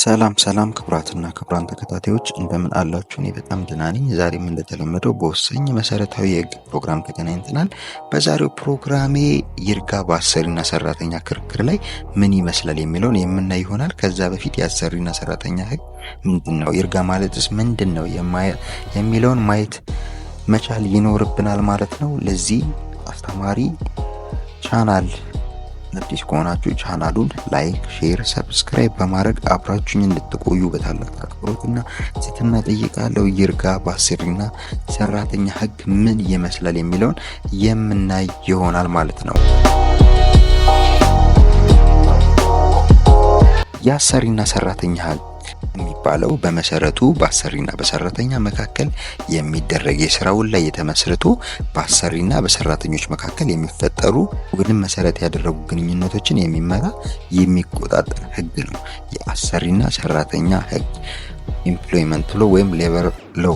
ሰላም ሰላም ክቡራትና ክቡራን ተከታታዮች እንደምን አላችሁ? እኔ በጣም ደህና ነኝ። ዛሬም እንደተለመደው በወሳኝ መሰረታዊ የህግ ፕሮግራም ተገናኝተናል። በዛሬው ፕሮግራሜ ይርጋ በአሰሪና ሰራተኛ ክርክር ላይ ምን ይመስላል የሚለውን የምናይ ይሆናል። ከዛ በፊት የአሰሪና ሰራተኛ ህግ ምንድን ነው፣ ይርጋ ማለትስ ምንድን ነው የሚለውን ማየት መቻል ይኖርብናል ማለት ነው። ለዚህ አስተማሪ ቻናል አዲስ ከሆናችሁ ቻናሉን ላይክ፣ ሼር፣ ሰብስክራይብ በማድረግ አብራችሁኝ እንድትቆዩ በታላቅ አክብሮትና ትህትና እጠይቃለሁ። ይርጋ ባሰሪና ሰራተኛ ህግ ምን ይመስላል የሚለውን የምናይ ይሆናል ማለት ነው። የአሰሪና ሰራተኛ ህግ የሚባለው በመሰረቱ በአሰሪና በሰራተኛ መካከል የሚደረግ የስራ ውል ላይ የተመስርቶ በአሰሪና በሰራተኞች መካከል የሚፈጠሩ ወግንም መሰረት ያደረጉ ግንኙነቶችን የሚመራ የሚቆጣጠር ህግ ነው። የአሰሪና ሰራተኛ ህግ ኢምፕሎይመንት ሎ ወይም ሌበር ሎ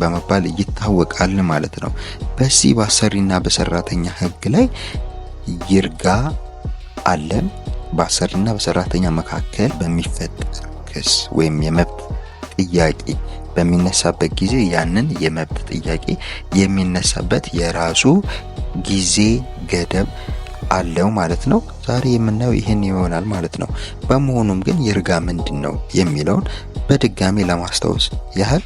በመባል ይታወቃል ማለት ነው። በዚህ በአሰሪና በሰራተኛ ህግ ላይ ይርጋ አለም በአሰሪና በሰራተኛ መካከል በሚፈጠር ክስ ወይም የመብት ጥያቄ በሚነሳበት ጊዜ ያንን የመብት ጥያቄ የሚነሳበት የራሱ ጊዜ ገደብ አለው ማለት ነው። ዛሬ የምናየው ይህን ይሆናል ማለት ነው። በመሆኑም ግን ይርጋ ምንድን ነው የሚለውን በድጋሚ ለማስታወስ ያህል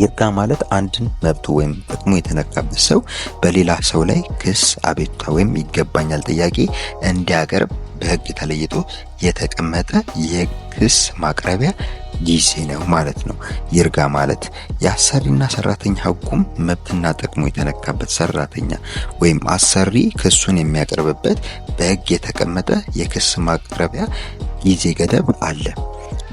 ይርጋ ማለት አንድን መብቱ ወይም ጥቅሙ የተነካበት ሰው በሌላ ሰው ላይ ክስ፣ አቤቱታ ወይም ይገባኛል ጥያቄ እንዲያቀርብ በሕግ ተለይቶ የተቀመጠ የክስ ማቅረቢያ ጊዜ ነው ማለት ነው። ይርጋ ማለት የአሰሪና ሰራተኛ ህጉም መብትና ጥቅሙ የተነካበት ሰራተኛ ወይም አሰሪ ክሱን የሚያቀርብበት በህግ የተቀመጠ የክስ ማቅረቢያ ጊዜ ገደብ አለ።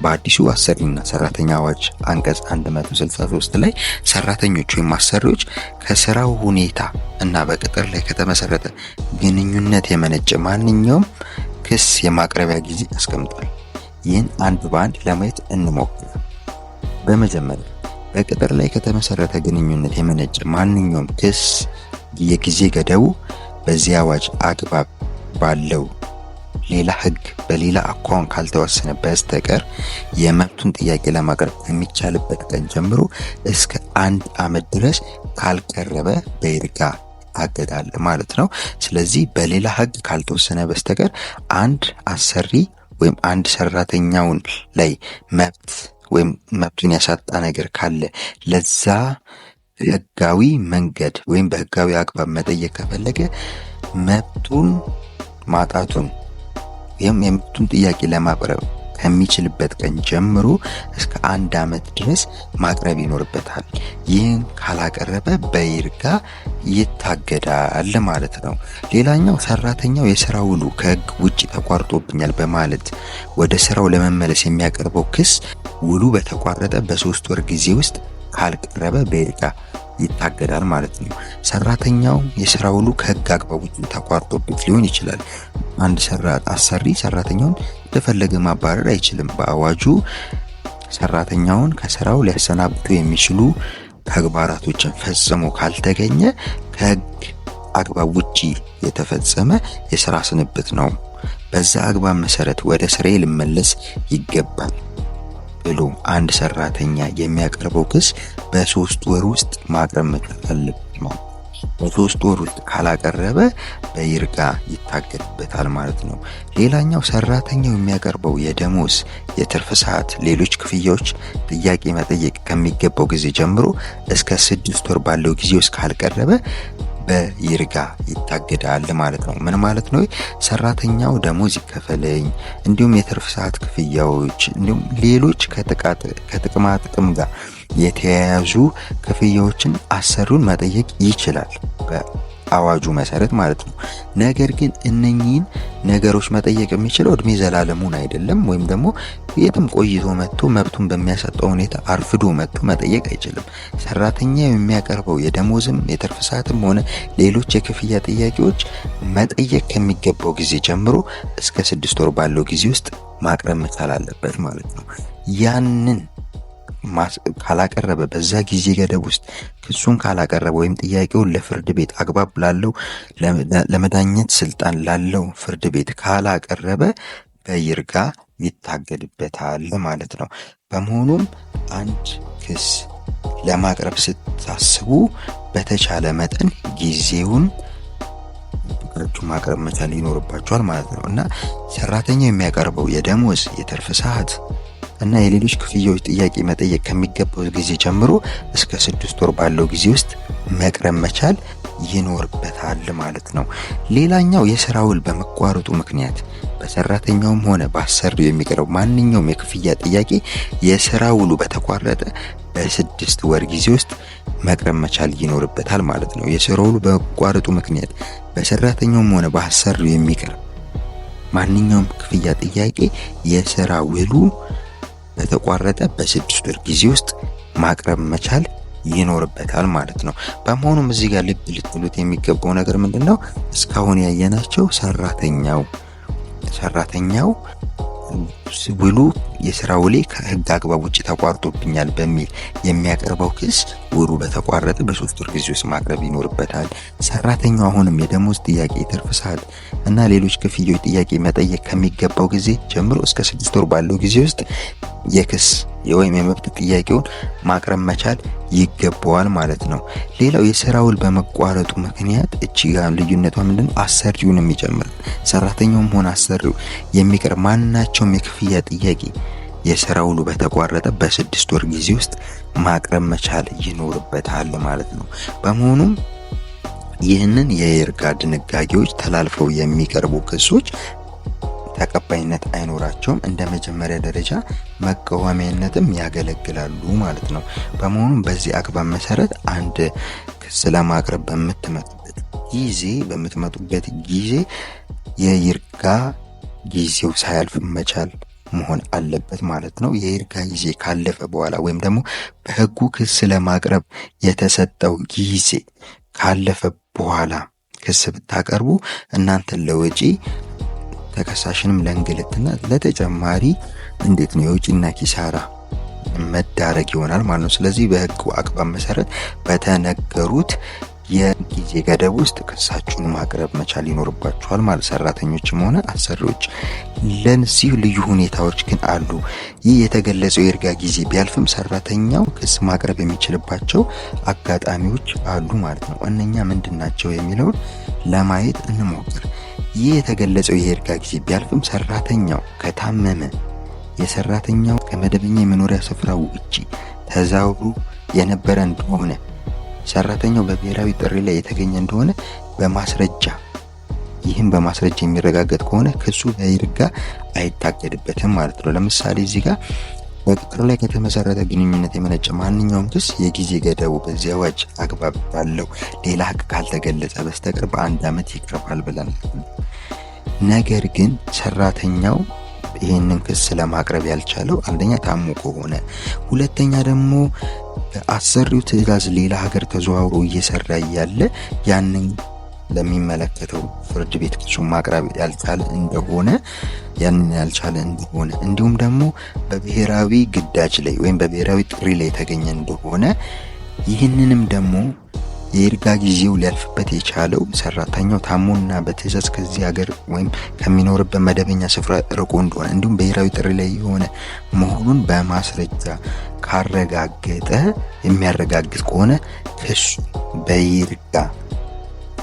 በአዲሱ አሰሪና ሰራተኛ አዋጅ አንቀጽ 163 ላይ ሰራተኞች ወይም አሰሪዎች ከስራው ሁኔታ እና በቅጥር ላይ ከተመሰረተ ግንኙነት የመነጨ ማንኛውም ክስ የማቅረቢያ ጊዜ አስቀምጧል። ይህን አንድ በአንድ ለማየት እንሞክር። በመጀመሪያ በቅጥር ላይ ከተመሰረተ ግንኙነት የመነጨ ማንኛውም ክስ የጊዜ ገደቡ በዚህ አዋጅ አግባብ ባለው ሌላ ህግ በሌላ አኳን ካልተወሰነ በስተቀር የመብቱን ጥያቄ ለማቅረብ ከሚቻልበት ቀን ጀምሮ እስከ አንድ ዓመት ድረስ ካልቀረበ በይርጋ አገዳል ማለት ነው። ስለዚህ በሌላ ህግ ካልተወሰነ በስተቀር አንድ አሰሪ ወይም አንድ ሰራተኛውን ላይ መብት ወይም መብቱን ያሳጣ ነገር ካለ ለዛ ህጋዊ መንገድ ወይም በህጋዊ አግባብ መጠየቅ ከፈለገ መብቱን ማጣቱን ወይም የመብቱን ጥያቄ ለማቅረብ ከሚችልበት ቀን ጀምሮ እስከ አንድ ዓመት ድረስ ማቅረብ ይኖርበታል። ይህን ካላቀረበ በይርጋ ይታገዳል ማለት ነው። ሌላኛው ሰራተኛው የስራ ውሉ ከህግ ውጭ ተቋርጦብኛል በማለት ወደ ስራው ለመመለስ የሚያቀርበው ክስ ውሉ በተቋረጠ በሶስት ወር ጊዜ ውስጥ ካልቀረበ በይርጋ ይታገዳል ማለት ነው። ሰራተኛው የስራ ውሉ ከህግ አግባብ ውጭ ተቋርጦበት ሊሆን ይችላል። አንድ አሰሪ ሰራተኛውን የተፈለገ ማባረር አይችልም። በአዋጁ ሰራተኛውን ከስራው ሊያሰናብቱ የሚችሉ ተግባራቶችን ፈጽሞ ካልተገኘ ከህግ አግባብ ውጭ የተፈጸመ የስራ ስንብት ነው። በዛ አግባብ መሰረት ወደ ስራዬ ልመለስ ይገባል። ብሎ አንድ ሰራተኛ የሚያቀርበው ክስ በሶስት ወር ውስጥ ማቅረብ መቻል አለበት ነው። በሶስት ወር ውስጥ ካላቀረበ በይርጋ ይታገድበታል ማለት ነው። ሌላኛው ሰራተኛው የሚያቀርበው የደሞዝ፣ የትርፍ ሰዓት፣ ሌሎች ክፍያዎች ጥያቄ መጠየቅ ከሚገባው ጊዜ ጀምሮ እስከ ስድስት ወር ባለው ጊዜ ውስጥ ካልቀረበ በይርጋ ይታገዳል ማለት ነው። ምን ማለት ነው? ሰራተኛው ደሞዝ ይከፈለኝ፣ እንዲሁም የትርፍ ሰዓት ክፍያዎች፣ እንዲሁም ሌሎች ከጥቅማ ጥቅም ጋር የተያያዙ ክፍያዎችን አሰሪውን መጠየቅ ይችላል። አዋጁ መሰረት ማለት ነው። ነገር ግን እነኚህን ነገሮች መጠየቅ የሚችለው እድሜ ዘላለሙን አይደለም፣ ወይም ደግሞ የትም ቆይቶ መጥቶ መብቱን በሚያሰጠው ሁኔታ አርፍዶ መጥቶ መጠየቅ አይችልም። ሰራተኛ የሚያቀርበው የደሞዝም የትርፍ ሰዓትም ሆነ ሌሎች የክፍያ ጥያቄዎች መጠየቅ ከሚገባው ጊዜ ጀምሮ እስከ ስድስት ወር ባለው ጊዜ ውስጥ ማቅረብ መቻል አለበት ማለት ነው ያንን ካላቀረበ በዛ ጊዜ ገደብ ውስጥ ክሱን ካላቀረበ ወይም ጥያቄውን ለፍርድ ቤት አግባብ ላለው ለመዳኘት ስልጣን ላለው ፍርድ ቤት ካላቀረበ በይርጋ ይታገድበታል ማለት ነው። በመሆኑም አንድ ክስ ለማቅረብ ስታስቡ በተቻለ መጠን ጊዜውን ፍቃዳችሁ ማቅረብ መቻል ይኖርባቸዋል ማለት ነው እና ሰራተኛው የሚያቀርበው የደሞዝ፣ የትርፍ ሰዓት እና የሌሎች ክፍያዎች ጥያቄ መጠየቅ ከሚገባው ጊዜ ጀምሮ እስከ ስድስት ወር ባለው ጊዜ ውስጥ መቅረብ መቻል ይኖርበታል ማለት ነው። ሌላኛው የስራ ውል በመቋረጡ ምክንያት በሰራተኛውም ሆነ በአሰሪው የሚቀርብ ማንኛውም የክፍያ ጥያቄ የስራ ውሉ በተቋረጠ በስድስት ወር ጊዜ ውስጥ መቅረብ መቻል ይኖርበታል ማለት ነው። የስራ ውሉ በመቋረጡ ምክንያት በሰራተኛውም ሆነ በአሰሪው የሚቀርብ ማንኛውም ክፍያ ጥያቄ የስራ ውሉ በተቋረጠ በስድስት ወር ጊዜ ውስጥ ማቅረብ መቻል ይኖርበታል ማለት ነው። በመሆኑም እዚህ ጋር ልብ ልትሉት የሚገባው ነገር ምንድን ነው? እስካሁን ያየናቸው ሰራተኛው ሰራተኛው ውሉ የስራ ውሌ ከህግ አግባብ ውጭ ተቋርጦብኛል በሚል የሚያቀርበው ክስ ውሉ በተቋረጠ በሶስት ወር ጊዜ ውስጥ ማቅረብ ይኖርበታል። ሰራተኛው አሁንም የደሞዝ ጥያቄ፣ ትርፍ ሰዓት እና ሌሎች ክፍያዎች ጥያቄ መጠየቅ ከሚገባው ጊዜ ጀምሮ እስከ ስድስት ወር ባለው ጊዜ ውስጥ የክስ ወይም የመብት ጥያቄውን ማቅረብ መቻል ይገባዋል ማለት ነው። ሌላው የስራ ውል በመቋረጡ ምክንያት እቺ ጋር ልዩነቷ ምንድን ነው? አሰሪውን የሚጨምር ሰራተኛውም ሆነ አሰሪው የሚቀር ማናቸውም የክፍያ ጥያቄ የስራ ውሉ በተቋረጠ በስድስት ወር ጊዜ ውስጥ ማቅረብ መቻል ይኖርበታል ማለት ነው። በመሆኑም ይህንን የይርጋ ድንጋጌዎች ተላልፈው የሚቀርቡ ክሶች ተቀባይነት አይኖራቸውም። እንደ መጀመሪያ ደረጃ መቃወሚያነትም ያገለግላሉ ማለት ነው። በመሆኑም በዚህ አግባብ መሰረት አንድ ክስ ለማቅረብ በምትመጡበት ጊዜ በምትመጡበት ጊዜ የይርጋ ጊዜው ሳያልፍ መቻል መሆን አለበት ማለት ነው። የይርጋ ጊዜ ካለፈ በኋላ ወይም ደግሞ በህጉ ክስ ለማቅረብ የተሰጠው ጊዜ ካለፈ በኋላ ክስ ብታቀርቡ እናንተን ለወጪ ተከሳሽንም ለእንግልትና ለተጨማሪ እንዴት ነው የውጭና ኪሳራ መዳረግ ይሆናል ማለት ነው። ስለዚህ በህግ አቅባብ መሰረት በተነገሩት የጊዜ ገደብ ውስጥ ክሳችሁን ማቅረብ መቻል ይኖርባችኋል ማለት ሰራተኞችም ሆነ አሰሪዎች። ለዚህ ልዩ ሁኔታዎች ግን አሉ። ይህ የተገለጸው የእርጋ ጊዜ ቢያልፍም ሰራተኛው ክስ ማቅረብ የሚችልባቸው አጋጣሚዎች አሉ ማለት ነው። እነኛ ምንድን ናቸው የሚለውን ለማየት እንሞክር። ይህ የተገለጸው የእርጋ ጊዜ ቢያልፍም ሰራተኛው ከታመመ የሰራተኛው ከመደበኛ የመኖሪያ ስፍራው ውጪ ተዛውሩ የነበረ እንደሆነ ሰራተኛው በብሔራዊ ጥሪ ላይ የተገኘ እንደሆነ በማስረጃ ይህም በማስረጃ የሚረጋገጥ ከሆነ ክሱ በይርጋ አይታገድበትም ማለት ነው። ለምሳሌ እዚህ ጋር በቅጥር ላይ ከተመሰረተ ግንኙነት የመነጨ ማንኛውም ክስ የጊዜ ገደቡ በዚህ አዋጅ አግባብ ባለው ሌላ ሕግ ካልተገለጸ በስተቀር በአንድ ዓመት ይቀርባል ብለን ነገር ግን ሰራተኛው ይህንን ክስ ለማቅረብ ያልቻለው አንደኛ ታሞ ከሆነ፣ ሁለተኛ ደግሞ በአሰሪው ትዕዛዝ ሌላ ሀገር ተዘዋውሮ እየሰራ እያለ ያንን ለሚመለከተው ፍርድ ቤት ክሱን ማቅረብ ያልቻለ እንደሆነ ያንን ያልቻለ እንደሆነ እንዲሁም ደግሞ በብሔራዊ ግዳጅ ላይ ወይም በብሔራዊ ጥሪ ላይ የተገኘ እንደሆነ ይህንንም ደግሞ የይርጋ ጊዜው ሊያልፍበት የቻለው ሰራተኛው ታሞና በትእዛዝ ከዚህ ሀገር ወይም ከሚኖርበት መደበኛ ስፍራ ርቆ እንደሆነ እንዲሁም ብሔራዊ ጥሪ ላይ የሆነ መሆኑን በማስረጃ ካረጋገጠ የሚያረጋግጥ ከሆነ ክሱ በይርጋ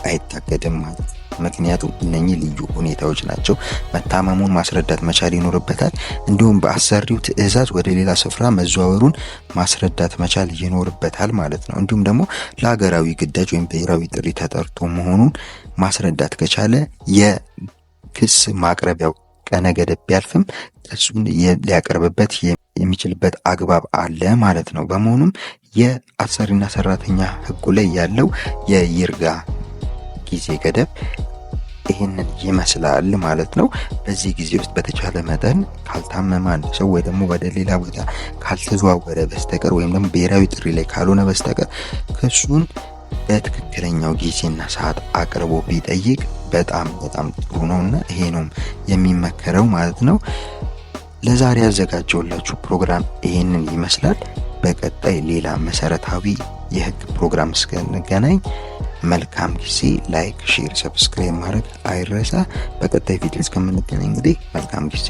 አይታገድም ማለት ነው። ምክንያቱም እነኚህ ልዩ ሁኔታዎች ናቸው። መታመሙን ማስረዳት መቻል ይኖርበታል። እንዲሁም በአሰሪው ትዕዛዝ ወደ ሌላ ስፍራ መዘዋወሩን ማስረዳት መቻል ይኖርበታል ማለት ነው። እንዲሁም ደግሞ ለሀገራዊ ግዳጅ ወይም ብሔራዊ ጥሪ ተጠርቶ መሆኑን ማስረዳት ከቻለ የክስ ማቅረቢያው ቀነ ገደብ ቢያልፍም ክሱን ሊያቀርብበት የሚችልበት አግባብ አለ ማለት ነው። በመሆኑም የአሰሪና ሰራተኛ ህጉ ላይ ያለው የይርጋ ጊዜ ገደብ ይህንን ይመስላል ማለት ነው። በዚህ ጊዜ ውስጥ በተቻለ መጠን ካልታመመ አንድ ሰው ወይ ደግሞ ወደ ሌላ ቦታ ካልተዘዋወረ በስተቀር ወይም ደግሞ ብሔራዊ ጥሪ ላይ ካልሆነ በስተቀር ክሱን በትክክለኛው ጊዜና ሰዓት አቅርቦ ቢጠይቅ በጣም በጣም ጥሩ ነው እና ይሄ ነው የሚመከረው ማለት ነው። ለዛሬ ያዘጋጀውላችሁ ፕሮግራም ይሄንን ይመስላል። በቀጣይ ሌላ መሰረታዊ የህግ ፕሮግራም እስከንገናኝ መልካም ጊዜ። ላይክ፣ ሼር፣ ሰብስክራይብ ማድረግ አይረሳ። በቀጣይ ቪዲዮ እስከምንገናኝ እንግዲህ መልካም ጊዜ